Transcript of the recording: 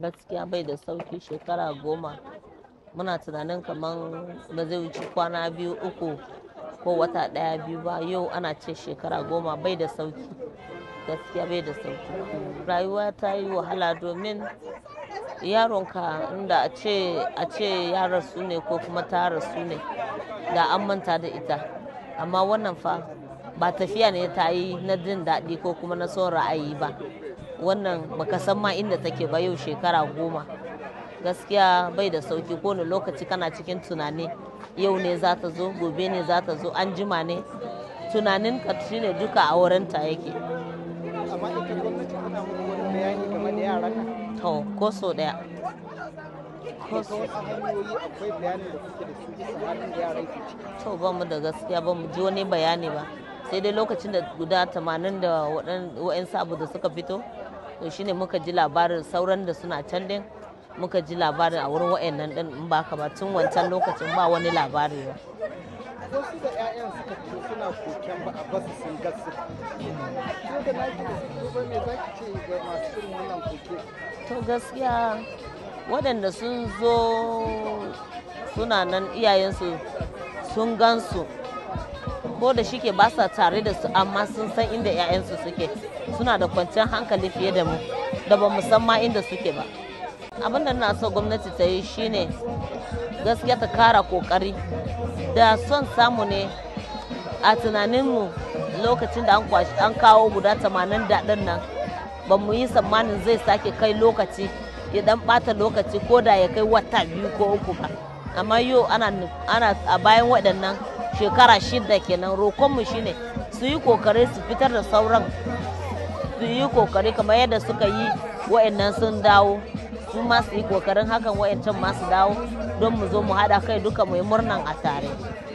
gaskiya bai da sauki shekara goma muna tunanin kamar ba zai wuce kwana biyu uku ko wata ɗaya biyu ba yau ana ce shekara goma bai da sauki gaskiya bai da sauki rayuwa ta yi wahala domin yaronka inda a ce ya rasu ne ko kuma ta rasu ne da an manta da ita amma wannan fa ba tafiya ne ta yi na jin daɗi ko kuma na son ra'ayi ba wannan baka san ma inda take ba yau shekara goma gaskiya bai da sauki ne lokaci kana cikin tunani yau ne za ta zo gobe ne za ta zo an jima ne tunanin ka shine duka a ta yake ko so daya to ba mu da gaskiya ba mu ji wani bayani ba sai dai lokacin da guda tamanin da waɗansu abu da suka fito to shine muka ji labarin sauran da suna can din muka ji labarin a wurin waɗannan din in ba ba tun wancan lokacin ba wani labari ba wasu da 'ya'yan suka fito suna koken ba a basu sun gasu da naki da su ba me za ki ce ga masu irin wannan koke to gaskiya waɗanda sun zo suna nan iyayensu sun gansu ko da shike ba sa tare da su amma sun san inda 'ya'yansu suke suna da kwanciyar hankali fiye da mu da ba san ma inda suke ba abin da na so gwamnati ta yi shine gaskiya ta kara kokari da son samu ne a tunaninmu lokacin da an kawo guda tamanin daɗin nan ba mu yi tsammanin zai sake kai lokaci ya dan bata lokaci ko da ya kai wata biyu ko uku ba amma yau ana a bayan waɗannan shekara shida kenan roƙonmu shine su yi kokari su fitar da sauran su yi kokari kamar yadda suka yi wa'annan sun dawo su ma su yi kokarin hakan wa'ancan ma dawo don mu zo mu haɗa kai duka mu yi murnan a tare